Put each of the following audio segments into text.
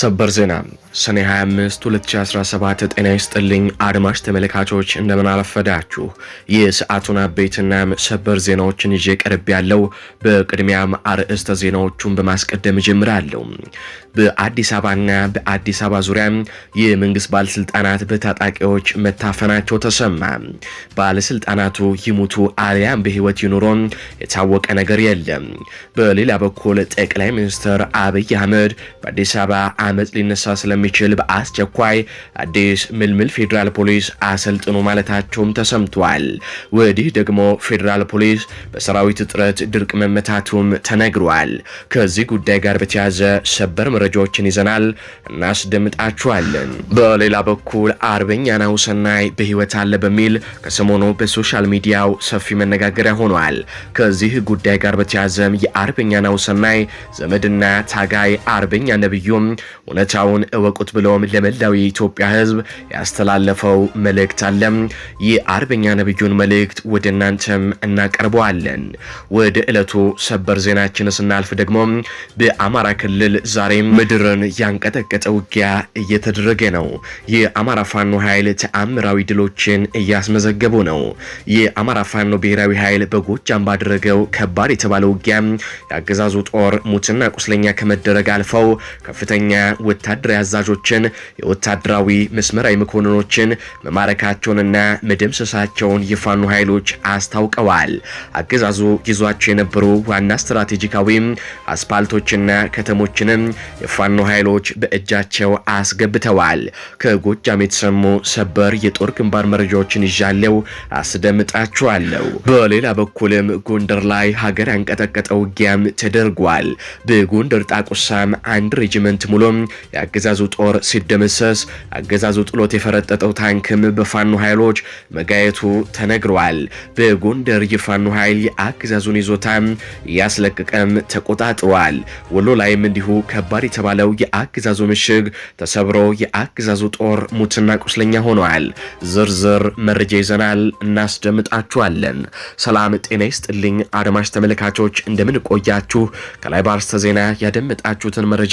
ሰበር ዜና ሰኔ 25 2017። ጤና ይስጥልኝ አድማጭ ተመልካቾች፣ እንደምን አረፈዳችሁ። የሰዓቱን አበይትና ሰበር ዜናዎችን ይዤ ቀርብ ያለው። በቅድሚያም አርዕስተ ዜናዎቹን በማስቀደም እጀምራለሁ። በአዲስ አበባና በአዲስ አበባ ዙሪያ የመንግስት ባለስልጣናት በታጣቂዎች መታፈናቸው ተሰማ። ባለስልጣናቱ ይሙቱ አሊያም በህይወት ይኑሮን የታወቀ ነገር የለም። በሌላ በኩል ጠቅላይ ሚኒስትር አብይ አህመድ በአዲስ አበባ አመፅ ሊነሳ ስለ የሚችል በአስቸኳይ አዲስ ምልምል ፌዴራል ፖሊስ አሰልጥኑ ማለታቸውም ተሰምቷል። ወዲህ ደግሞ ፌዴራል ፖሊስ በሰራዊት እጥረት ድርቅ መመታቱም ተነግሯል። ከዚህ ጉዳይ ጋር በተያያዘ ሰበር መረጃዎችን ይዘናል፣ እናስደምጣችኋለን። በሌላ በኩል አርበኛ ናሁሰናይ በህይወት አለ በሚል ከሰሞኑ በሶሻል ሚዲያው ሰፊ መነጋገሪያ ሆኗል። ከዚህ ጉዳይ ጋር በተያያዘም የአርበኛ ናሁሰናይ ዘመድና ታጋይ አርበኛ ነብዩም እውነታውን እወ ይወቁት ብለውም ለመላው የኢትዮጵያ ህዝብ ያስተላለፈው መልእክት አለ። የአርበኛ ነብዩን መልእክት ወደ እናንተም እናቀርበዋለን። ወደ ዕለቱ ሰበር ዜናችን ስናልፍ ደግሞ በአማራ ክልል ዛሬም ምድርን ያንቀጠቀጠ ውጊያ እየተደረገ ነው። የአማራ ፋኖ ኃይል ተአምራዊ ድሎችን እያስመዘገቡ ነው። የአማራ ፋኖ ብሔራዊ ኃይል በጎጃም ባደረገው ከባድ የተባለ ውጊያ የአገዛዙ ጦር ሙትና ቁስለኛ ከመደረግ አልፈው ከፍተኛ ወታደራዊ አዛዦች አዛዦችን፣ የወታደራዊ መስመራዊ መኮንኖችን መማረካቸውንና መደምሰሳቸውን የፋኑ ኃይሎች አስታውቀዋል። አገዛዙ ይዟቸው የነበሩ ዋና ስትራቴጂካዊ አስፓልቶችና ከተሞችንም የፋኖ ኃይሎች በእጃቸው አስገብተዋል። ከጎጃም የተሰሙ ሰበር የጦር ግንባር መረጃዎችን ይዣለው አስደምጣችኋለሁ። በሌላ በኩልም ጎንደር ላይ ሀገር ያንቀጠቀጠ ውጊያም ተደርጓል። በጎንደር ጣቁሳም አንድ ሬጅመንት ሙሉ የአገዛዙ ጦር ሲደመሰስ አገዛዙ ጥሎት የፈረጠጠው ታንክም በፋኖ ኃይሎች መጋየቱ ተነግሯል። በጎንደር የፋኖ ኃይል የአገዛዙን ይዞታም እያስለቀቀም ተቆጣጥሯል። ወሎ ላይም እንዲሁ ከባድ የተባለው የአገዛዙ ምሽግ ተሰብሮ የአገዛዙ ጦር ሙትና ቁስለኛ ሆኗል። ዝርዝር መረጃ ይዘናል፣ እናስደምጣችኋለን። ሰላም ጤና ይስጥልኝ አድማጭ ተመልካቾች፣ እንደምን ቆያችሁ? ከላይ ባርስተ ዜና ያደመጣችሁትን መረጃ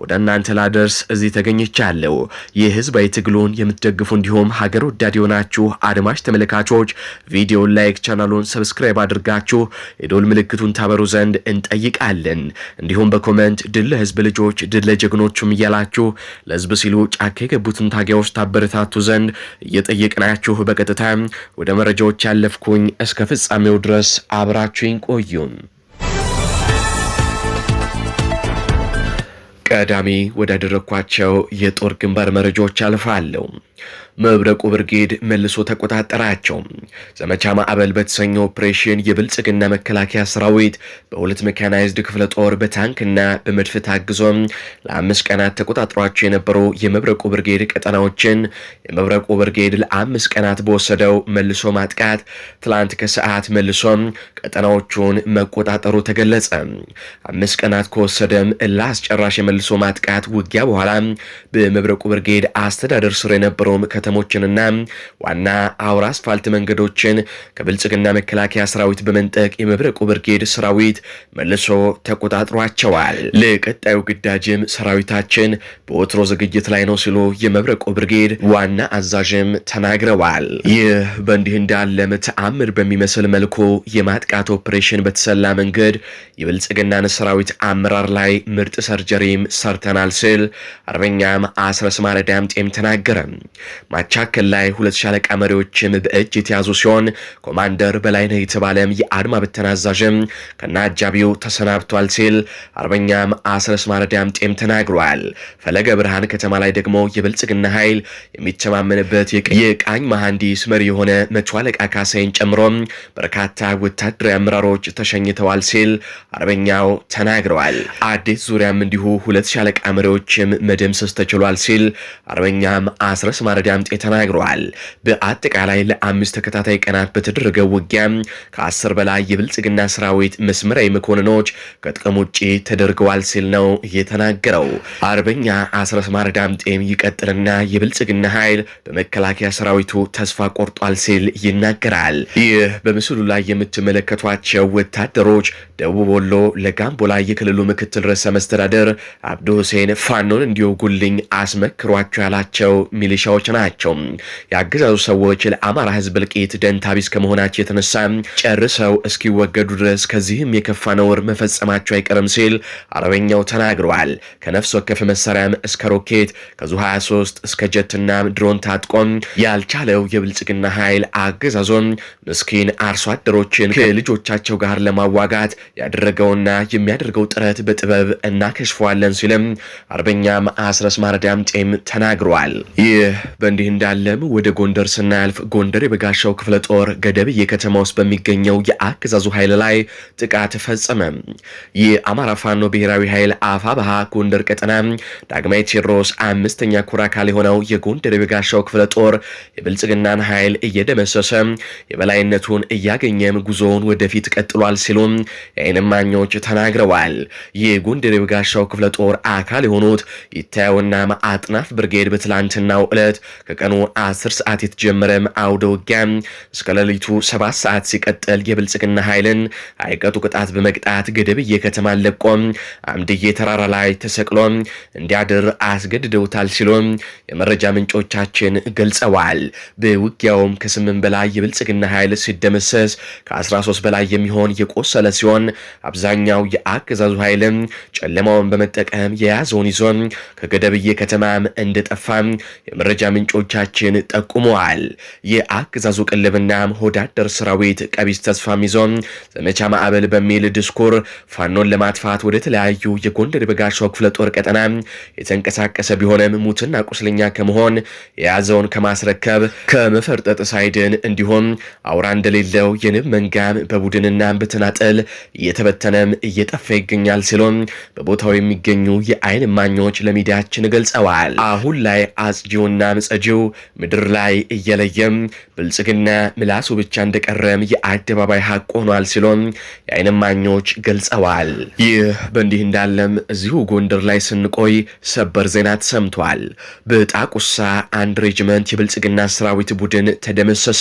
ወደ እናንተ ላደርስ እዚህ ተገኝቻለሁ። ይህ ህዝባዊ ትግሉን የምትደግፉ እንዲሁም ሀገር ወዳድ የሆናችሁ አድማጭ ተመልካቾች ቪዲዮን ላይክ፣ ቻናሉን ሰብስክራይብ አድርጋችሁ የዶል ምልክቱን ታበሩ ዘንድ እንጠይቃለን። እንዲሁም በኮመንት ድል ለህዝብ ልጆች ድል ለጀግኖቹም እያላችሁ ለህዝብ ሲሉ ጫካ የገቡትን ታጋዮች ታበረታቱ ዘንድ እየጠየቅናችሁ በቀጥታ ወደ መረጃዎች ያለፍኩኝ እስከ ፍጻሜው ድረስ አብራችሁኝ ቆዩም። ቀዳሚ ወዳደረግኳቸው የጦር ግንባር መረጃዎች አልፋለሁ። መብረቁ ብርጌድ መልሶ ተቆጣጠራቸው። ዘመቻ ማዕበል በተሰኘ ኦፕሬሽን የብልጽግና መከላከያ ሰራዊት በሁለት ሜካናይዝድ ክፍለ ጦር በታንክና በመድፍ ታግዞ ለአምስት ቀናት ተቆጣጥሯቸው የነበሩ የመብረቁ ብርጌድ ቀጠናዎችን የመብረቁ ብርጌድ ለአምስት ቀናት በወሰደው መልሶ ማጥቃት ትላንት ከሰዓት መልሶ ቀጠናዎቹን መቆጣጠሩ ተገለጸ። አምስት ቀናት ከወሰደም ላስጨራሽ ከመልሶ ማጥቃት ውጊያ በኋላ በመብረቁ ብርጌድ አስተዳደር ስር የነበረውም ከተሞችንና ዋና አውራ አስፋልት መንገዶችን ከብልጽግና መከላከያ ሰራዊት በመንጠቅ የመብረቁ ብርጌድ ሰራዊት መልሶ ተቆጣጥሯቸዋል። ለቀጣዩ ግዳጅም ሰራዊታችን በወትሮ ዝግጅት ላይ ነው ሲሉ የመብረቁ ብርጌድ ዋና አዛዥም ተናግረዋል። ይህ በእንዲህ እንዳለም ተአምር በሚመስል መልኩ የማጥቃት ኦፕሬሽን በተሰላ መንገድ የብልጽግናን ሰራዊት አመራር ላይ ምርጥ ሰርጀሪም ላይም ሰርተናል ስል አርበኛም አስረስ ማረዳም ጤም ተናገረ። ማቻከል ላይ ሁለት ሻለቃ መሪዎችም በእጅ የተያዙ ሲሆን ኮማንደር በላይነህ የተባለም የአድማ ብተና አዛዥም አጃቢው ተሰናብቷል ሲል አርበኛም አስረስ ማረ ዳምጤም ተናግሯል። ፈለገ ብርሃን ከተማ ላይ ደግሞ የብልጽግና ኃይል የሚተማመንበት የቃኝ መሐንዲስ መሪ የሆነ መቶ አለቃ ካሳይን ጨምሮ በርካታ ወታደራዊ አመራሮች ተሸኝተዋል ሲል አርበኛው ተናግረዋል። አዲስ ዙሪያም እንዲሁ ሁለት ሻለቃ መሪዎችም መደምሰስ ተችሏል ሲል አርበኛም አስረስ ማረዳምጤ ተናግረዋል። በአጠቃላይ ለአምስት ተከታታይ ቀናት በተደረገው ውጊያ ከአስር በላይ የብልጽግና ሰራዊት መስመራዊ መኮንኖች ከጥቅም ውጭ ተደርገዋል ሲል ነው የተናገረው። አርበኛ አስረስ ማረዳምጤም ይቀጥልና የብልጽግና ኃይል በመከላከያ ሰራዊቱ ተስፋ ቆርጧል ሲል ይናገራል። ይህ በምስሉ ላይ የምትመለከቷቸው ወታደሮች ደቡብ ወሎ ለጋምቦላ የክልሉ ምክትል ርዕሰ መስተዳደር አብዱ ሁሴን ፋኖን እንዲወጉልኝ አስመክሯቸው ያላቸው ሚሊሻዎች ናቸው። የአገዛዙ ሰዎች ለአማራ ህዝብ እልቂት ደንታቢስ ከመሆናቸው የተነሳ ጨርሰው እስኪወገዱ ድረስ ከዚህም የከፋ ነውር መፈጸማቸው አይቀርም ሲል አርበኛው ተናግረዋል። ከነፍስ ወከፍ መሳሪያም እስከ ሮኬት ከዙ 23 እስከ ጀትና ድሮን ታጥቆም ያልቻለው የብልጽግና ኃይል አገዛዞን ምስኪን አርሶ አደሮችን ከልጆቻቸው ጋር ለማዋጋት ያደረገውና የሚያደርገው ጥረት በጥበብ እናከሽፈዋለን እንችላለን ሲልም አርበኛ አስረስ ማረዳም ጤም ተናግረዋል። ይህ በእንዲህ እንዳለም ወደ ጎንደር ስናልፍ ጎንደር የበጋሻው ክፍለ ጦር ገደብዬ ከተማ ውስጥ በሚገኘው የአገዛዙ ኃይል ላይ ጥቃት ፈጸመ። አማራ ፋኖ ብሔራዊ ኃይል አፋ ባሃ ጎንደር ቀጠና ዳግማዊ ቴዎድሮስ አምስተኛ ኩራ አካል የሆነው የጎንደር የበጋሻው ክፍለ ጦር የብልጽግናን ኃይል እየደመሰሰ የበላይነቱን እያገኘም ጉዞውን ወደፊት ቀጥሏል ሲሉም የዓይን እማኞች ተናግረዋል። ጎንደር የበጋሻው ክፍለ ጦር ጦር አካል የሆኑት ይታየውና አጥናፍ ብርጌድ በትላንትናው ዕለት ከቀኑ 10 ሰዓት የተጀመረም አውደ ውጊያ እስከ ሌሊቱ 7 ሰዓት ሲቀጥል የብልጽግና ኃይልን አይቀጡ ቅጣት በመቅጣት ገደብዬ ከተማን ለቆም አምድዬ ተራራ ላይ ተሰቅሎ እንዲያድር አስገድደውታል ሲሉ የመረጃ ምንጮቻችን ገልጸዋል። በውጊያውም ከ8 በላይ የብልጽግና ኃይል ሲደመሰስ ከ13 በላይ የሚሆን የቆሰለ ሲሆን አብዛኛው የአገዛዙ ኃይልም ጨለማውን በመጠቀም በመጠቀም የያዘውን ይዞ ከገደብዬ ከተማም እንደጠፋም የመረጃ ምንጮቻችን ጠቁመዋል። የአገዛዙ ቅልብና ሆዳደር ሰራዊት ቀቢስ ተስፋም ይዞ ዘመቻ ማዕበል በሚል ድስኩር ፋኖን ለማጥፋት ወደ ተለያዩ የጎንደር በጋሻው ክፍለ ጦር ቀጠና የተንቀሳቀሰ ቢሆንም ሙትና ቁስለኛ ከመሆን የያዘውን ከማስረከብ ከመፈርጠጥ ሳይድን እንዲሁም አውራ እንደሌለው የንብ መንጋም በቡድንና በተናጠል እየተበተነም እየጠፋ ይገኛል ሲሉ በቦታው የሚገኙ የተገኙ የአይን ማኞች ለሚዲያችን ገልጸዋል። አሁን ላይ አጽጂውና ምጸጂው ምድር ላይ እየለየም ብልጽግና ምላሱ ብቻ እንደቀረም የአደባባይ ሀቅ ሆኗል ሲሎም የአይን ማኞች ገልጸዋል። ይህ በእንዲህ እንዳለም እዚሁ ጎንደር ላይ ስንቆይ ሰበር ዜና ተሰምቷል። በጣቁሳ አንድ ሬጅመንት የብልጽግና ሰራዊት ቡድን ተደመሰሰ።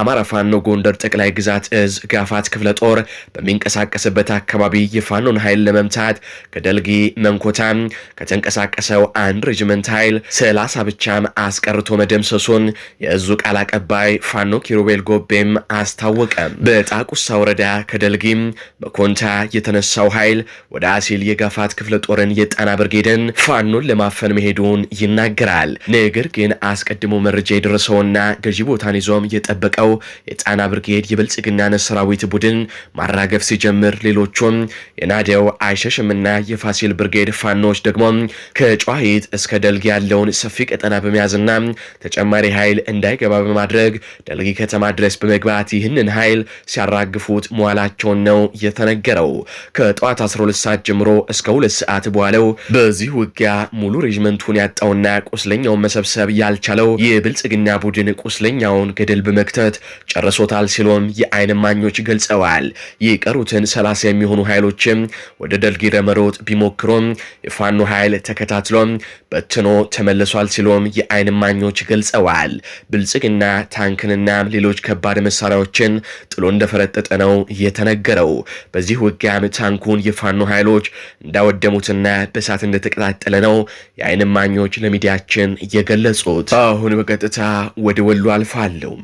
አማራ ፋኖ ጎንደር ጠቅላይ ግዛት እዝ ጋፋት ክፍለ ጦር በሚንቀሳቀስበት አካባቢ የፋኖን ኃይል ለመምታት ከደ ደልጊ መንኮታ ከተንቀሳቀሰው አንድ ሬጅመንት ኃይል ሰላሳ ብቻም አስቀርቶ መደምሰሱን የእዙ ቃል አቀባይ ፋኖ ኪሩቤል ጎቤም አስታወቀ። በጣቁሳ ወረዳ ከደልጊም በኮንታ የተነሳው ኃይል ወደ አሲል የጋፋት ክፍለ ጦርን የጣና ብርጌድን ፋኖን ለማፈን መሄዱን ይናገራል። ነገር ግን አስቀድሞ መረጃ የደረሰውና ገዢ ቦታን ይዞም የጠበቀው የጣና ብርጌድ የብልጽግናን ሰራዊት ቡድን ማራገፍ ሲጀምር ሌሎቹም የናደው አይሸሽምና የፋሲል ብርጌድ ፋኖች ደግሞ ከጨዋሂት እስከ ደልጊ ያለውን ሰፊ ቀጠና በመያዝና ተጨማሪ ኃይል እንዳይገባ በማድረግ ደልጊ ከተማ ድረስ በመግባት ይህንን ኃይል ሲያራግፉት መዋላቸውን ነው የተነገረው። ከጠዋት 12 ሰዓት ጀምሮ እስከ ሁለት ሰዓት በኋላው በዚህ ውጊያ ሙሉ ሬጅመንቱን ያጣውና ቁስለኛውን መሰብሰብ ያልቻለው የብልጽግና ቡድን ቁስለኛውን ገደል በመክተት ጨርሶታል ሲሎም የአይን ማኞች ገልጸዋል። የቀሩትን ሰላሳ የሚሆኑ ኃይሎችም ወደ ደልጊ ረመሮት ቢሞክሩም የፋኖ ኃይል ተከታትሎ በትኖ ተመልሷል ሲሉም የአይን ማኞች ገልጸዋል። ብልጽግና ታንክንና ሌሎች ከባድ መሳሪያዎችን ጥሎ እንደፈረጠጠ ነው የተነገረው። በዚህ ውጊያም ታንኩን የፋኖ ኃይሎች እንዳወደሙትና በእሳት እንደተቀጣጠለ ነው የአይን ማኞች ለሚዲያችን የገለጹት። አሁን በቀጥታ ወደ ወሎ አልፋለሁ።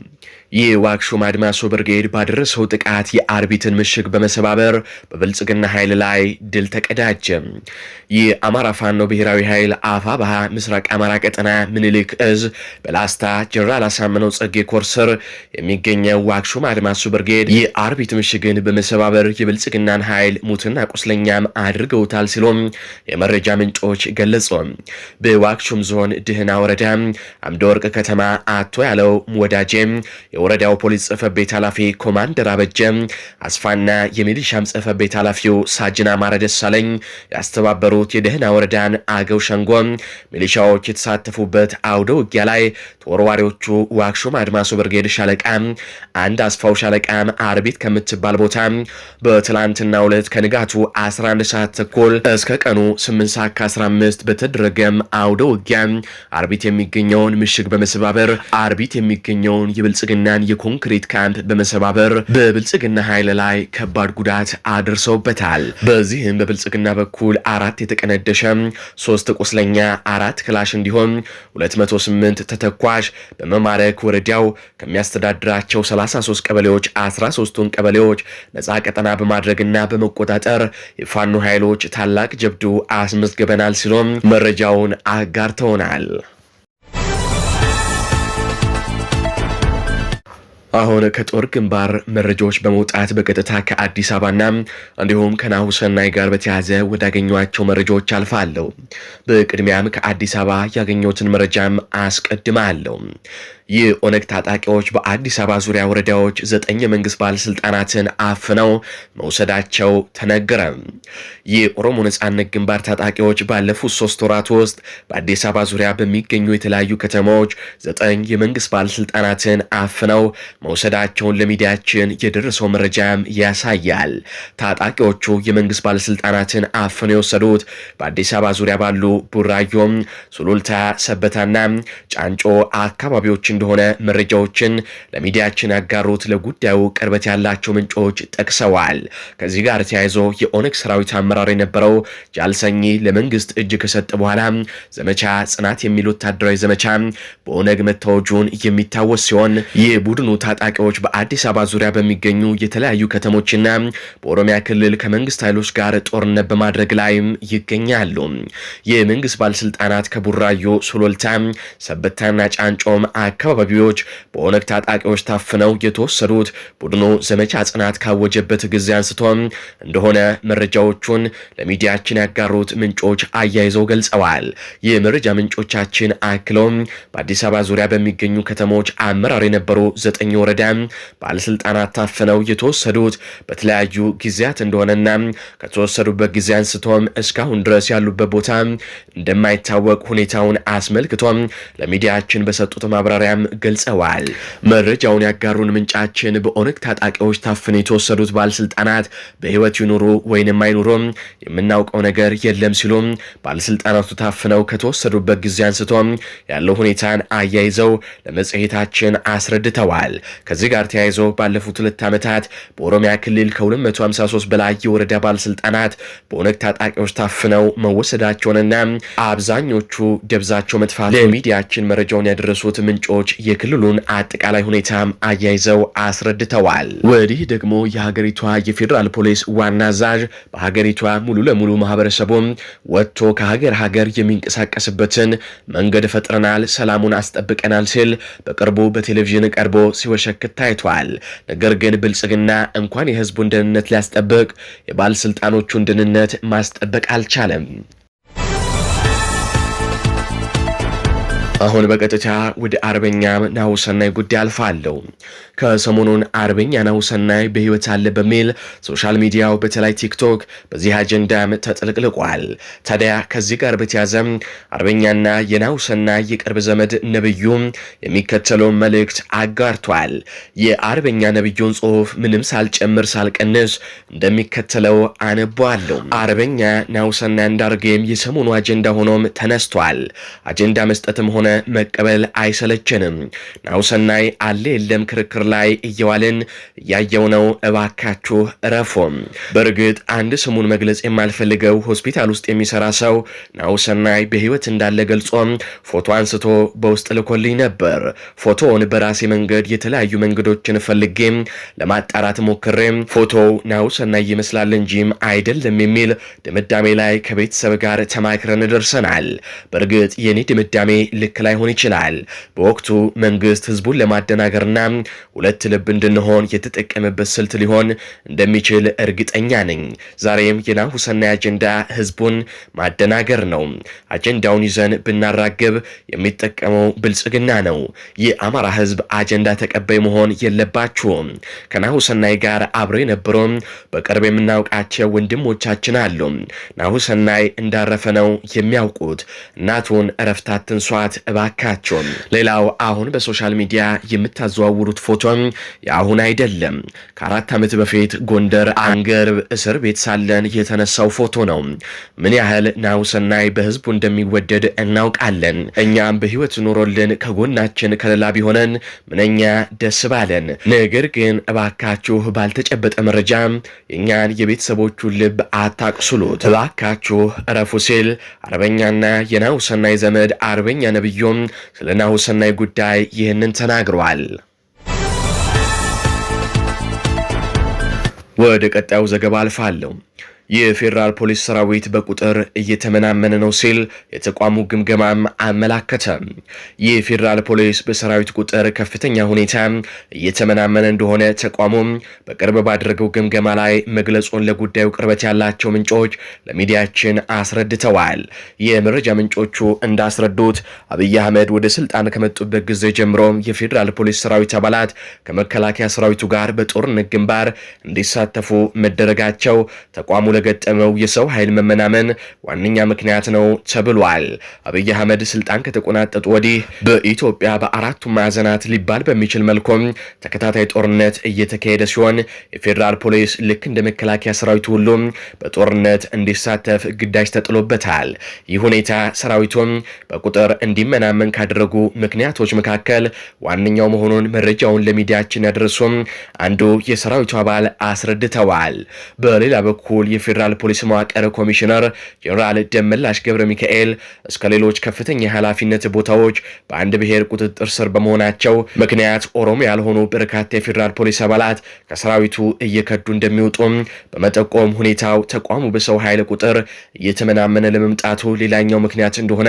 የዋግሹም አድማሶ ብርጌድ ባደረሰው ጥቃት የአርቢትን ምሽግ በመሰባበር በብልጽግና ኃይል ላይ ድል ተቀዳጀ። የአማራ ፋኖ ብሔራዊ ኃይል አፋ ባሃ ምስራቅ አማራ ቀጠና ምኒልክ እዝ በላስታ ጀነራል አሳምነው ጸጌ ኮር የሚገኘው ዋክሹም አድማሶ ብርጌድ የአርቢት ምሽግን በመሰባበር የብልጽግናን ኃይል ሙትና ቁስለኛም አድርገውታል ሲሎም የመረጃ ምንጮች ገለጹ። በዋክሹም ዞን ድህና ወረዳ አምደወርቅ ከተማ አቶ ያለው ወዳጄም የወረዳው ፖሊስ ጽህፈት ቤት ኃላፊ ኮማንደር አበጀም አስፋና የሚሊሻም ጽህፈት ቤት ኃላፊው ሳጅን አማረ ደሳለኝ ያስተባበሩት የደህና ወረዳን አገው ሸንጎ ሚሊሻዎች የተሳተፉበት አውደ ውጊያ ላይ ተወርዋሪዎቹ ዋክሹም አድማሱ ብርጌድ ሻለቃ አንድ አስፋው ሻለቃ አርቢት ከምትባል ቦታ በትላንትና ሁለት ከንጋቱ 11 ሰዓት ተኩል እስከ ቀኑ 8 ሰዓት ከ15 በተደረገም አውደ ውጊያ አርቢት የሚገኘውን ምሽግ በመስባበር አርቢት የሚገኘውን የብልጽግና የብልጽግናን የኮንክሪት ካምፕ በመሰባበር በብልጽግና ኃይል ላይ ከባድ ጉዳት አድርሰውበታል። በዚህም በብልጽግና በኩል አራት የተቀነደሸ፣ ሶስት ቁስለኛ፣ አራት ክላሽ እንዲሆን 208 ተተኳሽ በመማረክ ወረዳው ከሚያስተዳድራቸው 33 ቀበሌዎች 13ቱን ቀበሌዎች ነጻ ቀጠና በማድረግና በመቆጣጠር የፋኖ ኃይሎች ታላቅ ጀብዱ አስመዝግበናል ሲሎም መረጃውን አጋርተውናል። አሁን ከጦር ግንባር መረጃዎች በመውጣት በቀጥታ ከአዲስ አበባና እንዲሁም ከናሁሰናይ ጋር በተያያዘ ወዳገኟቸው መረጃዎች አልፋለሁ። በቅድሚያም ከአዲስ አበባ ያገኘሁትን መረጃም አስቀድማለሁ። የኦነግ ታጣቂዎች በአዲስ አበባ ዙሪያ ወረዳዎች ዘጠኝ የመንግስት ባለስልጣናትን አፍነው መውሰዳቸው ተነገረ። የኦሮሞ ነጻነት ግንባር ታጣቂዎች ባለፉት ሶስት ወራት ውስጥ በአዲስ አበባ ዙሪያ በሚገኙ የተለያዩ ከተሞች ዘጠኝ የመንግስት ባለስልጣናትን አፍነው መውሰዳቸውን ለሚዲያችን የደረሰው መረጃም ያሳያል። ታጣቂዎቹ የመንግስት ባለስልጣናትን አፍነው የወሰዱት በአዲስ አበባ ዙሪያ ባሉ ቡራዮም፣ ሱሉልታ፣ ሰበታና ጫንጮ አካባቢዎች እንደሆነ መረጃዎችን ለሚዲያችን ያጋሩት ለጉዳዩ ቅርበት ያላቸው ምንጮች ጠቅሰዋል። ከዚህ ጋር ተያይዞ የኦነግ ሰራዊት አመራር የነበረው ጃልሰኝ ለመንግስት እጅ ከሰጠ በኋላ ዘመቻ ጽናት የሚል ወታደራዊ ዘመቻ በኦነግ መታወጁን የሚታወስ ሲሆን የቡድኑ ታጣቂዎች በአዲስ አበባ ዙሪያ በሚገኙ የተለያዩ ከተሞችና በኦሮሚያ ክልል ከመንግስት ኃይሎች ጋር ጦርነት በማድረግ ላይም ይገኛሉ። የመንግስት ባለስልጣናት ከቡራዮ፣ ሶሎልታ ሰበታና ጫንጮም አካባቢዎች በኦነግ ታጣቂዎች ታፍነው የተወሰዱት ቡድኑ ዘመቻ ጽናት ካወጀበት ጊዜ አንስቶ እንደሆነ መረጃዎቹን ለሚዲያችን ያጋሩት ምንጮች አያይዘው ገልጸዋል። የመረጃ ምንጮቻችን አክለውም በአዲስ አበባ ዙሪያ በሚገኙ ከተሞች አመራር የነበሩ ዘጠኝ ወረዳ ባለስልጣናት ታፍነው የተወሰዱት በተለያዩ ጊዜያት እንደሆነና ከተወሰዱበት ጊዜ አንስቶም እስካሁን ድረስ ያሉበት ቦታ እንደማይታወቅ ሁኔታውን አስመልክቶም ለሚዲያችን በሰጡት ማብራሪያም ገልጸዋል። መረጃውን ያጋሩን ምንጫችን በኦነግ ታጣቂዎች ታፍነው የተወሰዱት ባለስልጣናት በህይወት ይኑሩ ወይንም አይኑሩም የምናውቀው ነገር የለም ሲሉ ባለስልጣናቱ ታፍነው ከተወሰዱበት ጊዜ አንስቶም ያለው ሁኔታን አያይዘው ለመጽሔታችን አስረድተዋል። ከዚህ ጋር ተያይዞ ባለፉት ሁለት ዓመታት በኦሮሚያ ክልል ከ253 በላይ የወረዳ ባለስልጣናት በኦነግ ታጣቂዎች ታፍነው መወሰዳቸውንና አብዛኞቹ ደብዛቸው መጥፋት ለሚዲያችን መረጃውን ያደረሱት ምንጮች የክልሉን አጠቃላይ ሁኔታ አያይዘው አስረድተዋል። ወዲህ ደግሞ የሀገሪቷ የፌዴራል ፖሊስ ዋና አዛዥ በሀገሪቷ ሙሉ ለሙሉ ማህበረሰቡም ወጥቶ ከሀገር ሀገር የሚንቀሳቀስበትን መንገድ ፈጥረናል፣ ሰላሙን አስጠብቀናል ሲል በቅርቡ በቴሌቪዥን ቀርቦ ሲወ ሲያንጎሸክት ታይቷል። ነገር ግን ብልጽግና እንኳን የህዝቡን ደህንነት ሊያስጠብቅ የባለስልጣኖቹን ደህንነት ማስጠበቅ አልቻለም። አሁን በቀጥታ ወደ አርበኛ ናሁሰናይ ጉዳይ አልፋለሁ። ከሰሞኑን አርበኛ ናሁሰናይ በህይወት አለ በሚል ሶሻል ሚዲያው በተለይ ቲክቶክ በዚህ አጀንዳም ተጥልቅልቋል። ታዲያ ከዚህ ጋር በተያዘም አርበኛና የናሁሰናይ የቅርብ ዘመድ ነብዩ የሚከተለውን መልእክት አጋርቷል። የአርበኛ ነብዩን ጽሁፍ ምንም ሳልጨምር ሳልቀንስ እንደሚከተለው አነቧለሁ። አርበኛ ናሁሰናይ እንዳርጌም የሰሞኑ አጀንዳ ሆኖም ተነስቷል። አጀንዳ መስጠትም ሆነ መቀበል አይሰለችንም። ሰናይ አለ የለም ክርክር ላይ እየዋልን እያየው ነው። እባካችሁ እረፎም። በእርግጥ አንድ ስሙን መግለጽ የማልፈልገው ሆስፒታል ውስጥ የሚሰራ ሰው ናሁሰናይ በህይወት እንዳለ ገልጾም ፎቶ አንስቶ በውስጥ ልኮልኝ ነበር። ፎቶውን በራሴ መንገድ የተለያዩ መንገዶችን ፈልጌም ለማጣራት ሞክሬም ፎቶው ናውሰናይ ይመስላል እንጂም አይደለም የሚል ድምዳሜ ላይ ከቤተሰብ ጋር ተማክረን ደርሰናል። በእርግጥ የኔ ድምዳሜ ልክ ልክ ላይሆን ይችላል። በወቅቱ መንግስት ህዝቡን ለማደናገርና ሁለት ልብ እንድንሆን የተጠቀመበት ስልት ሊሆን እንደሚችል እርግጠኛ ነኝ። ዛሬም የናሁሰናይ አጀንዳ ህዝቡን ማደናገር ነው። አጀንዳውን ይዘን ብናራግብ የሚጠቀመው ብልጽግና ነው። የአማራ ህዝብ አጀንዳ ተቀባይ መሆን የለባችሁም። ከናሁሰናይ ጋር አብረው የነበሩ በቅርብ የምናውቃቸው ወንድሞቻችን አሉ። ናሁሰናይ እንዳረፈ ነው የሚያውቁት። እናቱን እረፍት ሷት እባካቸውም። ሌላው አሁን በሶሻል ሚዲያ የምታዘዋውሩት ፎቶ የአሁን አይደለም። ከአራት ዓመት በፊት ጎንደር አንገርብ እስር ቤት ሳለን የተነሳው ፎቶ ነው። ምን ያህል ናውሰናይ በህዝቡ እንደሚወደድ እናውቃለን። እኛም በህይወት ኑሮልን ከጎናችን ከለላ ቢሆነን ምንኛ ደስ ባለን። ነገር ግን እባካችሁ ባልተጨበጠ መረጃ የእኛን የቤተሰቦቹን ልብ አታቅሱሉት። እባካችሁ እረፉ ሲል አርበኛና የናውሰናይ ዘመድ አርበኛ ነብይ ስዩም ስለ ናሁሰናይ ጉዳይ ይህንን ተናግረዋል። ወደ ቀጣዩ ዘገባ አልፋለሁ። የፌዴራል ፖሊስ ሰራዊት በቁጥር እየተመናመነ ነው ሲል የተቋሙ ግምገማም አመላከተ። የፌዴራል ፖሊስ በሰራዊት ቁጥር ከፍተኛ ሁኔታ እየተመናመነ እንደሆነ ተቋሙም በቅርብ ባደረገው ግምገማ ላይ መግለጹን ለጉዳዩ ቅርበት ያላቸው ምንጮች ለሚዲያችን አስረድተዋል። የመረጃ ምንጮቹ እንዳስረዱት አብይ አህመድ ወደ ስልጣን ከመጡበት ጊዜ ጀምሮ የፌዴራል ፖሊስ ሰራዊት አባላት ከመከላከያ ሰራዊቱ ጋር በጦርነት ግንባር እንዲሳተፉ መደረጋቸው ተቋሙ ለገጠመው የሰው ኃይል መመናመን ዋነኛ ምክንያት ነው ተብሏል። አብይ አህመድ ስልጣን ከተቆናጠጡ ወዲህ በኢትዮጵያ በአራቱ ማዕዘናት ሊባል በሚችል መልኩም ተከታታይ ጦርነት እየተካሄደ ሲሆን የፌዴራል ፖሊስ ልክ እንደ መከላከያ ሰራዊቱ ሁሉም በጦርነት እንዲሳተፍ ግዳጅ ተጥሎበታል። ይህ ሁኔታ ሰራዊቱም በቁጥር እንዲመናመን ካደረጉ ምክንያቶች መካከል ዋነኛው መሆኑን መረጃውን ለሚዲያችን ያደረሱም አንዱ የሰራዊቱ አባል አስረድተዋል። በሌላ በኩል የ የፌዴራል ፖሊስ መዋቅር ኮሚሽነር ጀኔራል ደመላሽ ገብረ ሚካኤል እስከ ሌሎች ከፍተኛ የኃላፊነት ቦታዎች በአንድ ብሔር ቁጥጥር ስር በመሆናቸው ምክንያት ኦሮሞ ያልሆኑ በርካታ የፌዴራል ፖሊስ አባላት ከሰራዊቱ እየከዱ እንደሚወጡም በመጠቆም ሁኔታው ተቋሙ በሰው ኃይል ቁጥር እየተመናመነ ለመምጣቱ ሌላኛው ምክንያት እንደሆነ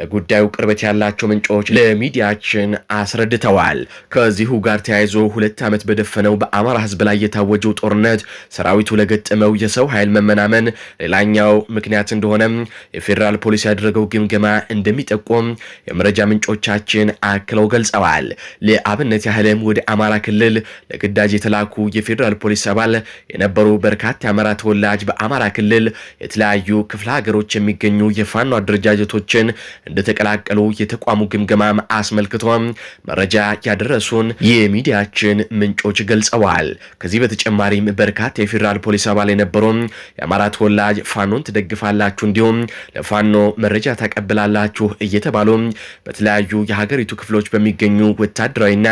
ለጉዳዩ ቅርበት ያላቸው ምንጮች ለሚዲያችን አስረድተዋል። ከዚሁ ጋር ተያይዞ ሁለት ዓመት በደፈነው በአማራ ሕዝብ ላይ የታወጀው ጦርነት ሰራዊቱ ለገጠመው የሰው ኃይል መመናመን ሌላኛው ምክንያት እንደሆነም የፌዴራል ፖሊስ ያደረገው ግምገማ እንደሚጠቁም የመረጃ ምንጮቻችን አክለው ገልጸዋል። ለአብነት ያህልም ወደ አማራ ክልል ለግዳጅ የተላኩ የፌዴራል ፖሊስ አባል የነበሩ በርካታ የአማራ ተወላጅ በአማራ ክልል የተለያዩ ክፍለ ሀገሮች የሚገኙ የፋኖ አደረጃጀቶችን እንደተቀላቀሉ የተቋሙ ግምገማም አስመልክቶም መረጃ ያደረሱን የሚዲያችን ምንጮች ገልጸዋል። ከዚህ በተጨማሪም በርካታ የፌዴራል ፖሊስ አባል የነበሩ የአማራ ተወላጅ ፋኖን ትደግፋላችሁ፣ እንዲሁም ለፋኖ መረጃ ታቀብላላችሁ እየተባሉ በተለያዩ የሀገሪቱ ክፍሎች በሚገኙ ወታደራዊና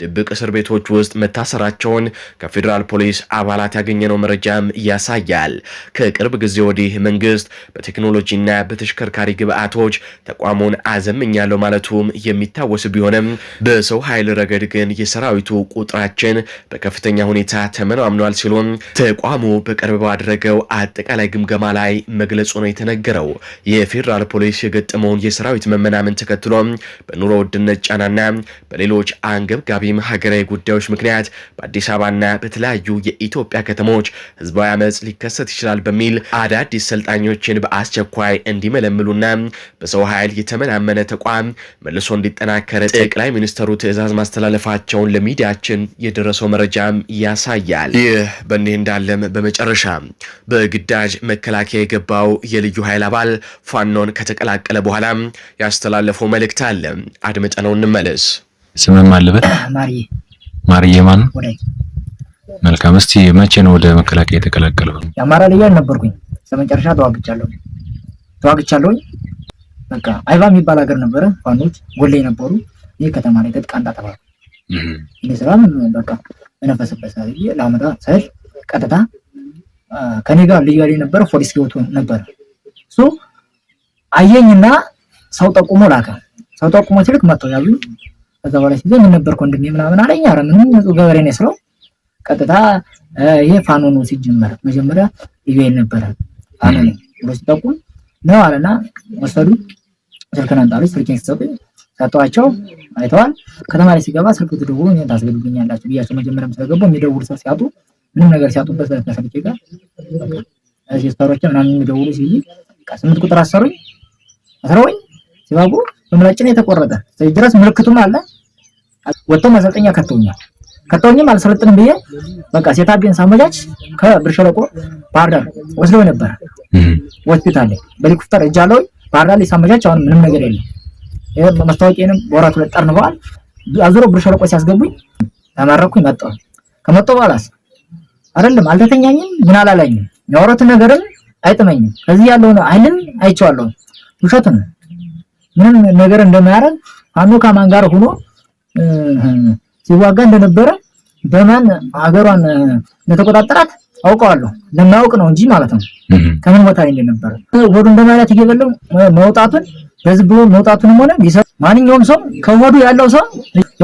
ድብቅ እስር ቤቶች ውስጥ መታሰራቸውን ከፌዴራል ፖሊስ አባላት ያገኘነው መረጃም ያሳያል። ከቅርብ ጊዜ ወዲህ መንግስት በቴክኖሎጂና በተሽከርካሪ ግብአቶች ተቋሙን አዘምኛለሁ ማለቱም የሚታወስ ቢሆንም በሰው ኃይል ረገድ ግን የሰራዊቱ ቁጥራችን በከፍተኛ ሁኔታ ተመናምኗል ሲሉ ተቋሙ በቅርብ ባደረገ በተደረገው አጠቃላይ ግምገማ ላይ መግለጹ ነው የተነገረው። የፌዴራል ፖሊስ የገጠመውን የሰራዊት መመናመን ተከትሎ በኑሮ ውድነት ጫናና በሌሎች አንገብጋቢም ሀገራዊ ጉዳዮች ምክንያት በአዲስ አበባና በተለያዩ የኢትዮጵያ ከተሞች ህዝባዊ አመፅ ሊከሰት ይችላል በሚል አዳዲስ ሰልጣኞችን በአስቸኳይ እንዲመለምሉና በሰው ኃይል የተመናመነ ተቋም መልሶ እንዲጠናከር ጠቅላይ ሚኒስትሩ ትዕዛዝ ማስተላለፋቸውን ለሚዲያችን የደረሰው መረጃም ያሳያል። ይህ በእንዲህ እንዳለም በመጨረሻ በግዳጅ መከላከያ የገባው የልዩ ኃይል አባል ፋኖን ከተቀላቀለ በኋላ ያስተላለፈው መልእክት አለ። አድምጠ ነው እንመለስ። ስምም አለበት ማርዬ ማን? መልካም። እስቲ መቼ ነው ወደ መከላከያ የተቀላቀለው? የአማራ ልዩ ኃይል ነበርኩኝ። ለመጨረሻ ተዋግቻለሁ ተዋግቻለሁኝ። በቃ አይባ የሚባል ሀገር ነበረ። ፋኖች ወሌ ነበሩ። ይህ ከተማ ላይ ተጥቃንጣ ተባሉ። እኔ ስራም በቃ እነፈስበት ሰ ለአመዳ ሰል ቀጥታ ከኔ ጋር ልዩ ያለ ነበር ፖሊስ ገብቶ ነበር። እሱ አየኝና ሰው ጠቁሞ ላከ። ሰው ጠቁሞ ሲልክ መጥተው ያሉ ከዛ በኋላ ሲዘ ምን ነበር ወንድሜ ምናምን አለኝ። አረ ምንም ንጹህ ገበሬ ነው ስለው ቀጥታ ይሄ ፋኖ ነው ሲጀመር መጀመሪያ ልዩ ያለ ነበር ፋኖ ነው ብሎ ሲጠቁም ነው አለና ወሰዱ። ስልክን አንጣሉኝ። ስልኬን ሲሰጡኝ ሰጠዋቸው አይተዋል። ከተማ ላይ ሲገባ ስልክ ትደውሉ ታስገድዱኛላችሁ ብያቸው መጀመሪያም ስለገባው የሚደውል ሰው ሲያጡ ምንም ነገር ሲያጡበት ከስልኬ ጋር ሲስተሮች ምናምን የሚደውሉ ሲይ ስምንት ቁጥር አሰሩኝ አስረውኝ ሲባቡ በምላጭን የተቆረጠ ድረስ ምልክቱም አለ ወጥቶ መዘጠኛ ከተውኛል። ከተውኝም አልሰለጥንም ብዬ በቃ ሴታቤን ሳመጃች ከብር ሸለቆ ባህር ዳር ወስደው ነበረ ሆስፒታል ላይ እጅ አለው ባህር ዳር ላይ አሁን ምንም ነገር የለም። መስታወቂያንም በወራት ሁለት ጠርን በኋላ ብር ሸለቆ ሲያስገቡኝ ተመረኩኝ መጣሁ። ከመጣሁ በኋላስ አይደለም አልተተኛኝም፣ ምን አላለኝም፣ ያወራሁትን ነገርም አይጥመኝም። ከዚህ ያለውን አይልም አይቼዋለሁ። ውሸት ነው። ምንም ነገር እንደማያደርግ ፋኖ ከማን ጋር ሆኖ ሲዋጋ እንደነበረ በማን ሀገሯን እንደተቆጣጠራት አውቀዋለሁ። ለማያውቅ ነው እንጂ ማለት ነው ከምን ቦታ ላይ እንደነበረ ወዱ እንደማለት እየበለው መውጣቱን በዚህ ብሎ መውጣቱንም ሆነ ማንኛውም ሰው ከወዱ ያለው ሰው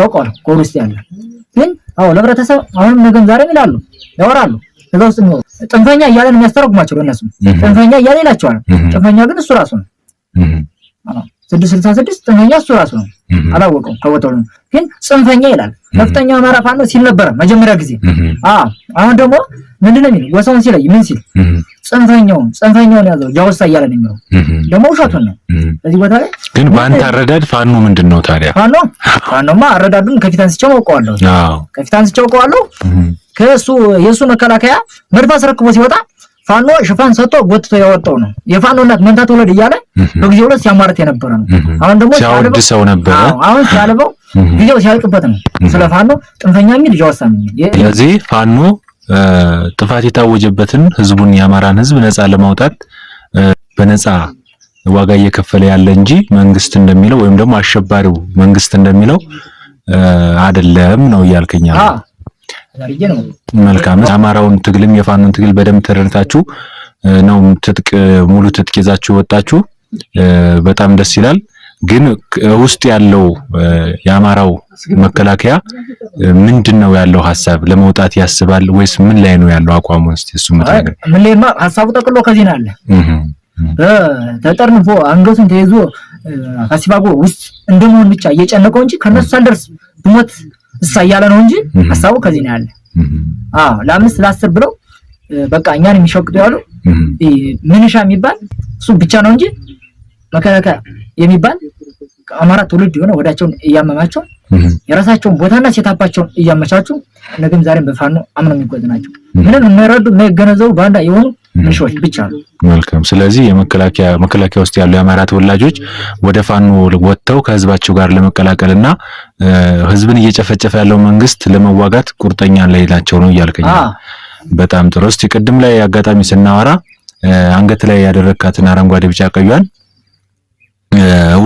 ያውቀዋል። ከሆዱ ውስጥ ያለ ግን አዎ ለህብረተሰብ አሁንም ነገም ዛሬም ይላሉ ያወራሉ። እዛ ውስጥ ነው ጥንፈኛ እያለን የሚያስተረጉማቸው ለእነሱ ጥንፈኛ እያለ ይላቸዋል። ጥንፈኛ ግን እሱ ራሱ ነው። ስድስት ስልሳ ስድስት ጽንፈኛ እሱ ራሱ ነው። አላወቀው ከቦታው ግን ጽንፈኛ ይላል። ከፍተኛ አማራ ፋኖ ሲል ነበረ መጀመሪያ ጊዜ። አሁን ደግሞ ምንድነው የሚል ወሰን ሲለይ ምን ሲል ጽንፈኛውን ጽንፈኛውን ያዘው ጃውሳ እያለ ነው የሚለው። ደግሞ ውሸቱን ነው። በዚህ ቦታ ላይ ግን በአንተ አረዳድ ፋኖ ምንድን ነው ታዲያ? ፋኖ ፋኖማ አረዳዱን ከፊት አንስቼው አውቀዋለሁ። ከፊት አንስቼው አውቀዋለሁ። ከእሱ የእሱ መከላከያ መድፍ አስረክቦ ሲወጣ ፋኖ ሽፋን ሰጥቶ ጎትቶ ያወጣው ነው። የፋኖ እናት መንታት ወለድ እያለ በጊዜው ዕለት ሲያሟርት የነበረ ነው። አሁን ደግሞ ሲያወድሰው ነበረ። አሁን ሲያልበው ጊዜው ሲያልቅበት ነው። ስለ ፋኖ ጥንፈኛ የሚል እያወሳ ስለዚህ ፋኖ ጥፋት የታወጀበትን ህዝቡን የአማራን ህዝብ ነፃ ለማውጣት በነፃ ዋጋ እየከፈለ ያለ እንጂ መንግስት እንደሚለው ወይም ደግሞ አሸባሪው መንግስት እንደሚለው አይደለም ነው እያልከኛል። መልካም የአማራውን ትግልም የፋኖን ትግል በደንብ ተረድታችሁ ነው ትጥቅ ሙሉ ትጥቅ ይዛችሁ ወጣችሁ። በጣም ደስ ይላል። ግን ውስጥ ያለው የአማራው መከላከያ ምንድን ነው ያለው ሀሳብ? ለመውጣት ያስባል ወይስ ምን ላይ ነው ያለው አቋሙ? እስቲ እሱ ምን ላይማ ሀሳቡ ጠቅሎ ከዜና አለ ተጠርንፎ አንገቱን ተይዞ ከሲባጎ ውስጥ እንደመሆን ብቻ እየጨነቀው እንጂ ከነሱ ሳልደርስ ብሞት እሳ እያለ ነው እንጂ ሀሳቡ ከዚህ ነው ያለ። አዎ ለአምስት ለአስር ብለው በቃ እኛን የሚሸቅጡ ያሉ ምንሻ የሚባል እሱ ብቻ ነው እንጂ መከላከያ የሚባል አማራ ትውልድ የሆነ ወዳቸውን እያመማቸው የራሳቸውን ቦታና ሴታፓቸውን እያመቻቹ ነገም ዛሬም በፋኖ አምነው የሚጓዝ ናቸው። ምንም የማይረዱ የማይገነዘቡ ባንዳ የሆኑ እሾች ብቻ ነው። መልካም። ስለዚህ የመከላከያ መከላከያ ውስጥ ያሉ የአማራ ተወላጆች ወደ ፋኖ ወጥተው ከህዝባቸው ጋር እና ህዝብን እየጨፈጨፈ ያለው መንግስት ለመዋጋት ቁርጠኛ ላይ ናቸው ነው እያልከኝ። በጣም ጥሩ። እስቲ ቅድም ላይ አጋጣሚ ስናወራ አንገት ላይ ያደረካትን አረንጓዴ ቢጫ ቀዩን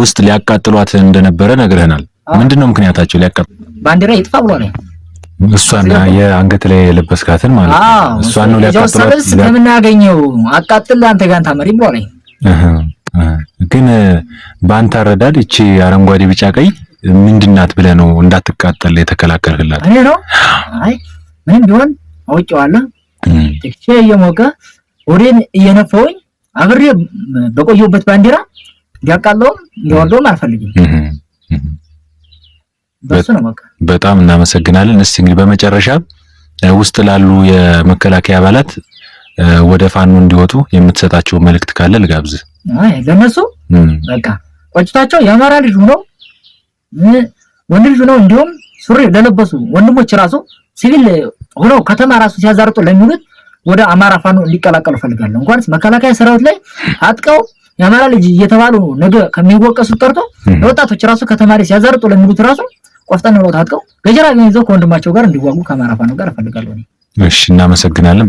ውስጥ ሊያቃጥሏት እንደነበረ ነግረህናል። ምንድን ነው ምክንያታቸው? ሊያቃጥሉ ባንዲራ ይጥፋ ብሎ ነው እሷና የአንገት ላይ የለበስካትን ማለት ነው። እሷን ነው ሊያቃጥላት ከምናገኘው አቃጥል አንተ ጋር ታመሪ ብሏለኝ። ግን በአንተ አረዳድ እቺ አረንጓዴ ቢጫ ቀይ ምንድናት ብለህ ነው እንዳትቃጠል የተከላከልህላት? እኔ ነው አይ ምንም ቢሆን አውቄዋለሁ። ትክቼ እየሞቀ ወሬን እየነፈውኝ አብሬ በቆየሁበት ባንዲራ እንዲያቃለውም እንዲያወርደውም አልፈልግም። በጣም እናመሰግናለን። እስቲ እንግዲህ በመጨረሻ ውስጥ ላሉ የመከላከያ አባላት ወደ ፋኖ እንዲወጡ የምትሰጣቸው መልእክት ካለ ልጋብዝ። ለነሱ በቃ ቆጭታቸው የአማራ ልጅ ሆኖ ወንድ ልጅ ሆኖ እንዲሁም ሱሪ ለለበሱ ወንድሞች ራሱ ሲቪል ሆነው ከተማ ራሱ ሲያዛርጡ ለሚሉት ወደ አማራ ፋኖ እንዲቀላቀሉ ፈልጋለሁ። እንኳንስ መከላከያ ሰራዊት ላይ አጥቀው የአማራ ልጅ እየተባሉ ነገ ከሚወቀሱት ጠርቶ ለወጣቶች ራሱ ከተማ ላይ ሲያዛርጡ ለሚሉት ራሱ ቆፍጠን ብለው ታጥቀው ገጀራ ቢሆን ይዘው ከወንድማቸው ጋር እንዲዋጉ ከአማራ ፋኖ ጋር እፈልጋለሁ። እሺ፣ እናመሰግናለን።